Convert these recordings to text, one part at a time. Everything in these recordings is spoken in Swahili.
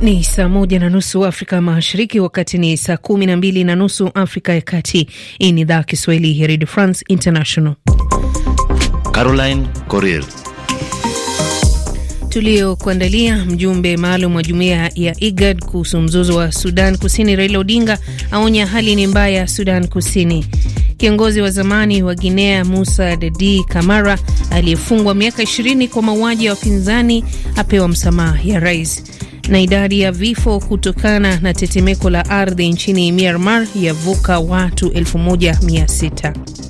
Ni saa moja na nusu Afrika Mashariki, wakati ni saa kumi na mbili na nusu Afrika ya Kati. Hii ni idhaa Kiswahili ya Redio France International. Caroline Corel tuliokuandalia. Mjumbe maalum wa jumuiya ya IGAD kuhusu mzozo wa Sudan Kusini Raila Odinga aonya hali ni mbaya Sudan Kusini. Kiongozi wa zamani wa Guinea Musa Dadi Kamara aliyefungwa miaka 20 kwa mauaji ya wapinzani apewa msamaha ya rais. Na idadi ya vifo kutokana na tetemeko la ardhi nchini Myanmar yavuka watu 1600.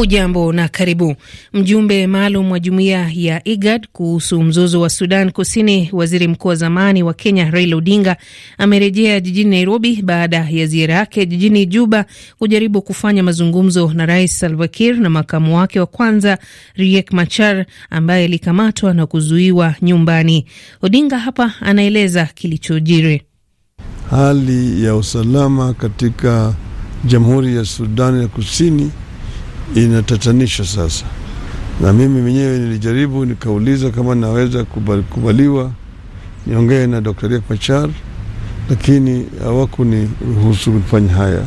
Hujambo na karibu. Mjumbe maalum wa jumuiya ya IGAD kuhusu mzozo wa Sudan Kusini, waziri mkuu wa zamani wa Kenya Raila Odinga amerejea jijini Nairobi baada ya ziara yake jijini Juba kujaribu kufanya mazungumzo na Rais Salva Kiir na makamu wake wa kwanza Riek Machar ambaye alikamatwa na kuzuiwa nyumbani. Odinga hapa anaeleza kilichojiri. Hali ya usalama katika Jamhuri ya Sudan ya Kusini inatatanisha sasa. Na mimi mwenyewe nilijaribu nikauliza kama naweza kubaliwa niongee na Dr. Riek Machar, lakini hawakuniruhusu kufanya haya.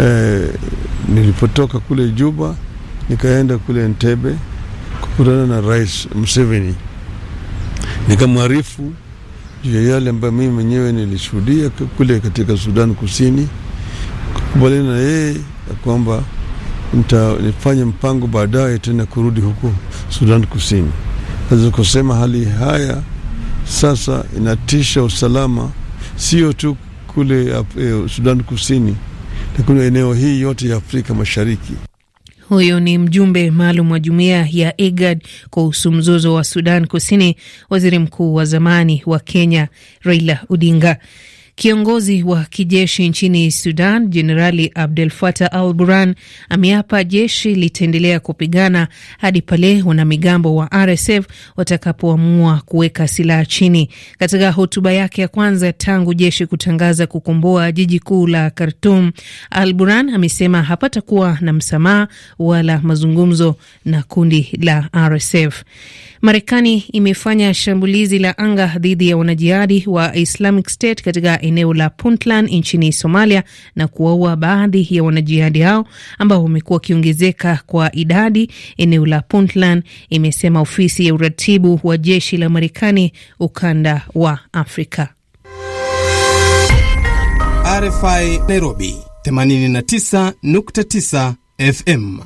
E, nilipotoka kule Juba nikaenda kule Entebbe kukutana na Rais Museveni nikamwarifu juu ya yale ambayo mimi mwenyewe nilishuhudia kule katika Sudan Kusini, kukubaliana na yeye ya kwamba nitafanya mpango baadaye tena kurudi huko Sudan Kusini. Naweza kusema hali haya sasa inatisha usalama sio tu kule eh, Sudan Kusini, lakini eneo hii yote ya Afrika Mashariki. Huyu ni mjumbe maalum wa jumuiya ya IGAD kuhusu mzozo wa Sudan Kusini, waziri mkuu wa zamani wa Kenya Raila Odinga. Kiongozi wa kijeshi nchini Sudan, Jenerali Abdel Fattah al Burhan, ameapa jeshi litaendelea kupigana hadi pale wanamigambo wa RSF watakapoamua kuweka silaha chini. Katika hotuba yake ya kwanza tangu jeshi kutangaza kukomboa jiji kuu la Khartum, al Burhan amesema hapatakuwa na msamaha wala mazungumzo na kundi la RSF. Marekani imefanya shambulizi la anga dhidi ya wanajihadi wa Islamic State katika eneo la Puntland nchini Somalia na kuwaua baadhi ya wanajihadi hao ambao wamekuwa wakiongezeka kwa idadi, eneo la Puntland, imesema ofisi ya uratibu wa jeshi la Marekani ukanda wa Afrika. RFI Nairobi 89.9 FM.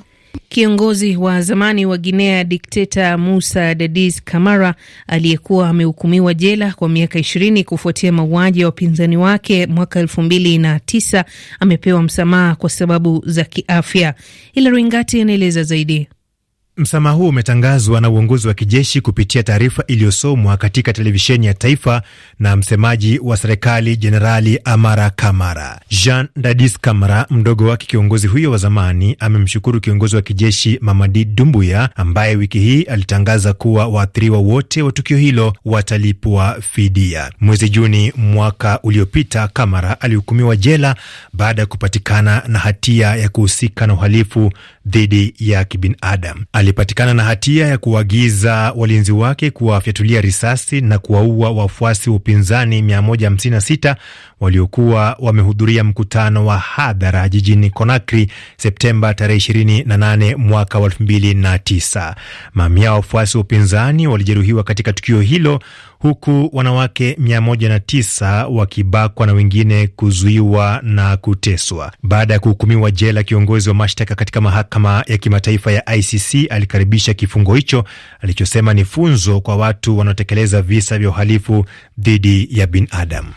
Kiongozi wa zamani wa Guinea dikteta Musa Dadis Kamara aliyekuwa amehukumiwa jela kwa miaka ishirini kufuatia mauaji ya wapinzani wake mwaka elfu mbili na tisa amepewa msamaha kwa sababu za kiafya. Ila Ringati anaeleza zaidi. Msamaha huo umetangazwa na uongozi wa kijeshi kupitia taarifa iliyosomwa katika televisheni ya taifa na msemaji wa serikali Jenerali Amara Kamara. Jean Dadis Kamara, mdogo wake kiongozi huyo wa zamani, amemshukuru kiongozi wa kijeshi Mamadi Dumbuya ambaye wiki hii alitangaza kuwa waathiriwa wote wa tukio hilo watalipwa fidia. Mwezi Juni mwaka uliopita, Kamara alihukumiwa jela baada ya kupatikana na hatia ya kuhusika na uhalifu dhidi ya kibinadamu. Alipatikana na hatia ya kuagiza walinzi wake kuwafyatulia risasi na kuwaua wafuasi wa upinzani 156 waliokuwa wamehudhuria mkutano wa hadhara jijini Conakry Septemba tarehe 28 mwaka wa 2009. Mamia wafuasi wa upinzani walijeruhiwa katika tukio hilo huku wanawake 109 wakibakwa na wengine kuzuiwa na kuteswa. Baada ya kuhukumiwa jela, kiongozi wa mashtaka katika mahakama ya kimataifa ya ICC alikaribisha kifungo hicho alichosema ni funzo kwa watu wanaotekeleza visa vya uhalifu dhidi ya binadamu.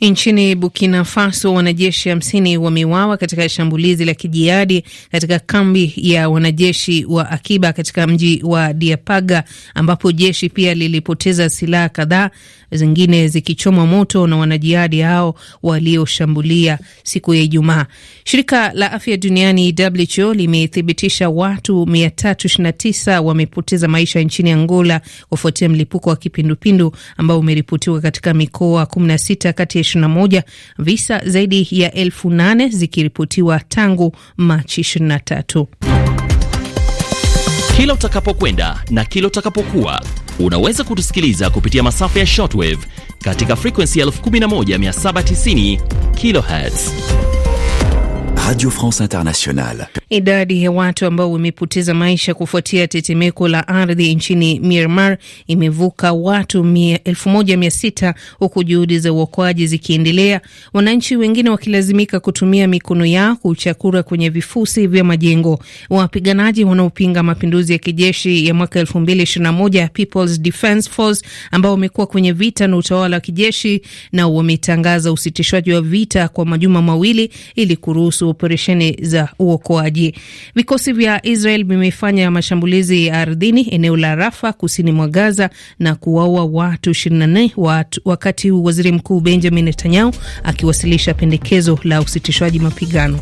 Nchini Burkina Faso, wanajeshi hamsini wameuawa katika shambulizi la kijihadi katika kambi ya wanajeshi wa akiba katika mji wa Diapaga, ambapo jeshi pia lilipoteza silaha kadhaa, zingine zikichomwa moto na wanajihadi hao walioshambulia siku ya Ijumaa. Shirika la Afya Duniani WHO limethibitisha watu 329 wamepoteza maisha nchini Angola kufuatia mlipuko wa kipindupindu ambao umeripotiwa katika mikoa 16 kati ya 21 visa zaidi ya elfu nane zikiripotiwa tangu Machi 23. Kila utakapokwenda na kila utakapokuwa unaweza kutusikiliza kupitia masafa ya shortwave katika frequency 11790 kilohertz. Radio France Internationale. Idadi ya watu ambao wamepoteza maisha kufuatia tetemeko la ardhi nchini Myanmar imevuka watu 1600 huku juhudi za uokoaji zikiendelea, wananchi wengine wakilazimika kutumia mikono yao kuchakura kwenye vifusi vya majengo. Wapiganaji wanaopinga mapinduzi ya kijeshi ya mwaka 2021 People's Defence Force ambao wamekuwa kwenye vita na utawala wa kijeshi na wametangaza usitishwaji wa vita kwa majuma mawili ili kuruhusu operesheni za uokoaji mauaji. Vikosi vya Israel vimefanya mashambulizi ya ardhini eneo la Rafa kusini mwa Gaza na kuwaua watu 24 watu, wakati waziri mkuu Benjamin Netanyahu akiwasilisha pendekezo la usitishwaji mapigano.